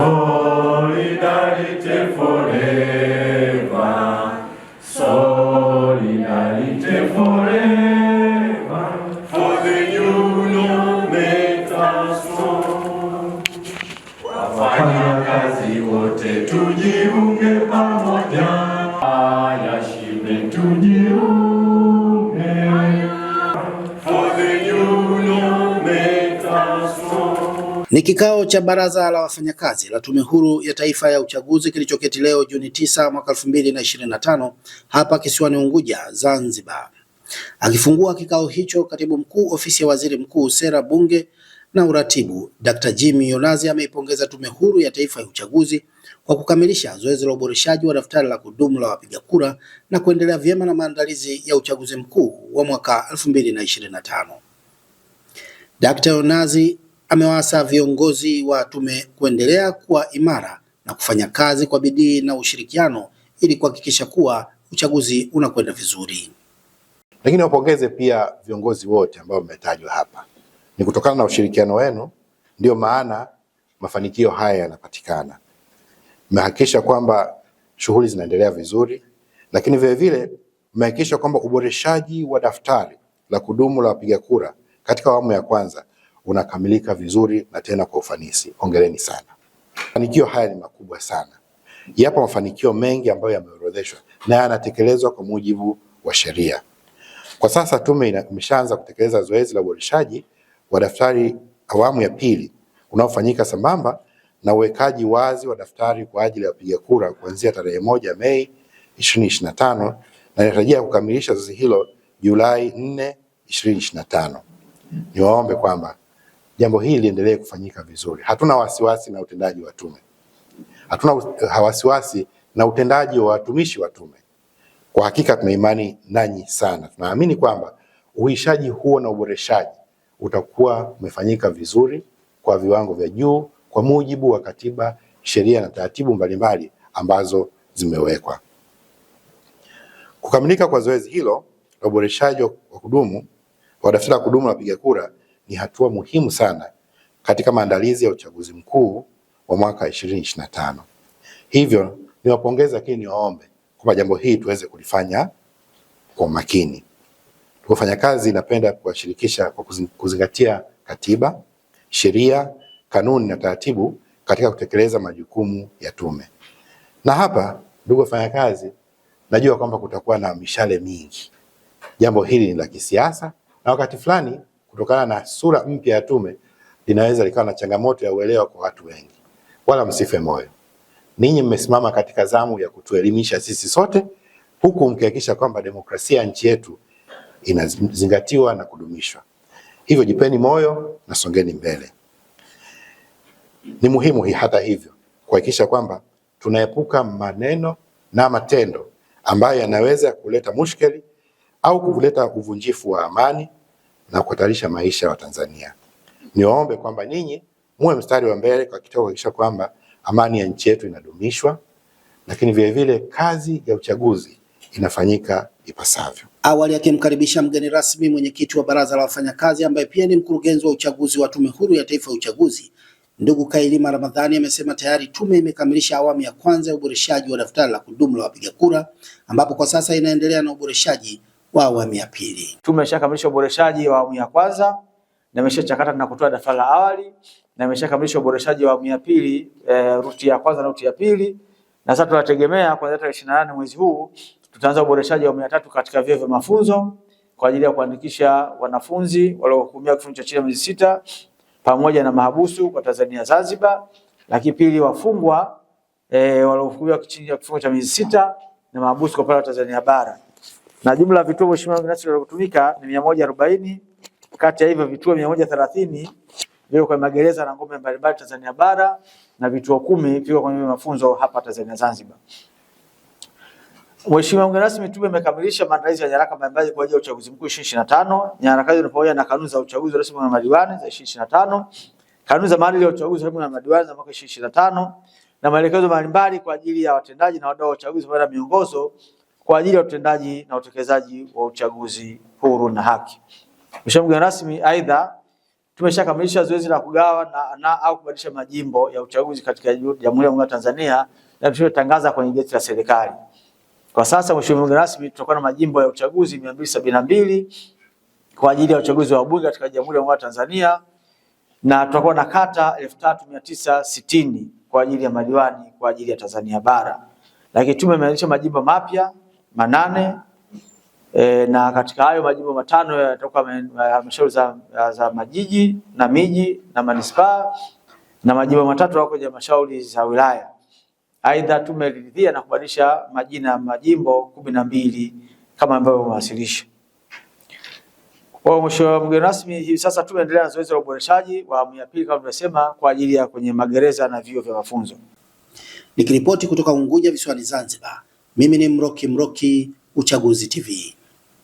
Oh Ni kikao cha baraza la wafanyakazi la Tume Huru ya Taifa ya Uchaguzi kilichoketi leo Juni 9 mwaka 2025 hapa kisiwani Unguja, Zanzibar. Akifungua kikao hicho, Katibu Mkuu Ofisi ya Waziri Mkuu, Sera, Bunge na Uratibu, Dr. Jimmy Yonazi ameipongeza Tume Huru ya Taifa ya Uchaguzi kwa kukamilisha zoezi la uboreshaji wa daftari la kudumu la wapiga kura na kuendelea vyema na maandalizi ya uchaguzi mkuu wa mwaka 2025. Dr. Yonazi amewaasa viongozi wa tume kuendelea kuwa imara na kufanya kazi kwa bidii na ushirikiano ili kuhakikisha kuwa uchaguzi unakwenda vizuri. Lakini wapongeze pia viongozi wote ambao mmetajwa hapa, ni kutokana na ushirikiano wenu ndio maana mafanikio haya yanapatikana. Mmehakikisha kwamba shughuli zinaendelea vizuri, lakini vilevile mmehakikisha kwamba uboreshaji wa daftari la kudumu la wapiga kura katika awamu ya kwanza unakamilika vizuri na tena kwa ufanisi. Hongereni sana. Mafanikio haya ni makubwa sana. Yapo mafanikio mengi ambayo yameorodheshwa na yanatekelezwa kwa mujibu wa sheria. Kwa sasa tume imeshaanza kutekeleza zoezi la uboreshaji wa daftari awamu ya pili unaofanyika sambamba na uwekaji wazi wa daftari kwa ajili ya wapiga kura kuanzia tarehe moja Mei 2025 na inatarajia kukamilisha zoezi hilo Julai 4, 2025. Niwaombe kwamba jambo hili liendelee kufanyika vizuri. Hatuna wasiwasi na utendaji wa tume, hatuna wasiwasi na utendaji wa watumishi wa tume. Kwa hakika tuna imani nanyi sana, tunaamini kwamba uhuishaji huo na uboreshaji utakuwa umefanyika vizuri kwa viwango vya juu kwa mujibu wa katiba, sheria na taratibu mbalimbali ambazo zimewekwa. Kukamilika kwa zoezi hilo la uboreshaji wa kudumu wa daftari la kudumu la wapiga kura ni hatua muhimu sana katika maandalizi ya uchaguzi mkuu wa mwaka 2025. Hivyo niwapongeza, lakini niwaombe kwamba jambo hili tuweze kulifanya kwa makini. Tukufanya kazi, napenda kuwashirikisha kwa kuzingatia katiba, sheria, kanuni na taratibu katika kutekeleza majukumu ya tume. Na hapa, ndugu wafanyakazi, najua kwamba kutakuwa na mishale mingi. Jambo hili ni la kisiasa na wakati fulani kutokana na sura mpya ya tume linaweza likawa na changamoto ya uelewa kwa watu wengi. Wala msife moyo, ninyi mmesimama katika zamu ya kutuelimisha sisi sote, huku mkihakikisha kwamba demokrasia ya nchi yetu inazingatiwa na kudumishwa. Hivyo jipeni moyo na songeni mbele. Ni muhimu hata hivyo kuhakikisha kwamba tunaepuka maneno na matendo ambayo yanaweza kuleta mushkeli au kuleta uvunjifu wa amani na kuhatarisha maisha ya Watanzania. Niwaombe kwamba ninyi muwe mstari wa mbele kwa kitendo kuhakikisha kwamba amani ya nchi yetu inadumishwa, lakini vilevile kazi ya uchaguzi inafanyika ipasavyo. Awali akimkaribisha mgeni rasmi mwenyekiti wa Baraza la Wafanyakazi ambaye pia ni mkurugenzi wa uchaguzi wa Tume Huru ya Taifa ya Uchaguzi, ndugu Kailima Ramadhani amesema tayari tume imekamilisha awamu ya kwanza ya uboreshaji wa daftari la kudumu la wapiga kura, ambapo kwa sasa inaendelea na uboreshaji wa awamu ya pili. Tumeshakamilisha uboreshaji wa awamu ya kwanza na imeshachakata na kutoa daftari la awali na imeshakamilisha uboreshaji wa awamu ya pili e, ruti ya kwanza na ruti ya pili, na sasa tunategemea kuanzia tarehe 28 mwezi huu tutaanza uboreshaji wa awamu ya tatu katika vyuo vya mafunzo kwa ajili ya kuandikisha wanafunzi waliohukumiwa kifungo cha chini ya miezi sita pamoja na mahabusu kwa Tanzania Zanzibar, lakini pili wafungwa e, waliohukumiwa chini ya kifungo cha miezi sita na mahabusu kwa pale Tanzania bara na jumla ya vituo mheshimiwa vinacho kutumika ni mia moja arobaini. Kati ya hivyo vituo mia moja thelathini viko kwenye magereza na ngome mbalimbali Tanzania bara na vituo kumi viko kwenye mafunzo hapa Tanzania Zanzibar. Mheshimiwa mgeni rasmi, tume imekamilisha maandalizi ya nyaraka mbalimbali kwa ajili ya uchaguzi mkuu 2025. Nyaraka hizo ni pamoja na kanuni za uchaguzi rasmi na madiwani za 2025, kanuni za maadili ya uchaguzi rasmi na madiwani za mwaka 2025 na maelekezo mbalimbali kwa ajili ya watendaji na wadau wa uchaguzi pamoja na miongozo kwa ajili ya utendaji na utekelezaji wa uchaguzi huru na haki. Mheshimiwa mgeni rasmi, aidha tumeshakamilisha zoezi la kugawa na, na au kubadilisha majimbo ya uchaguzi katika Jamhuri ya Muungano wa Tanzania na tumetangaza kwenye gazeti la serikali. Kwa sasa Mheshimiwa mgeni rasmi, tutakuwa na majimbo ya uchaguzi 272 kwa ajili ya uchaguzi wa bunge katika Jamhuri ya Muungano wa Tanzania na tutakuwa na kata 3960 kwa ajili ya madiwani kwa ajili ya Tanzania bara. Lakini tumeanzisha majimbo mapya manane e, na katika hayo majimbo matano yatakuwa halmashauri za, za majiji na miji na manispaa na majimbo matatu yako kwenye halmashauri za wilaya. Aidha, tumeridhia na kubadilisha majina ya majimbo kumi na mbili kama ambavyo mawasilisho kwa mwisho. Mgeni rasmi, hivi sasa tumeendelea na zoezi la uboreshaji wa awamu ya pili kama tulivyosema, kwa ajili ya kwenye magereza na vyuo vya mafunzo. Nikiripoti kutoka Unguja visiwani Zanzibar. Mimi ni Mroki Mroki, Uchaguzi TV.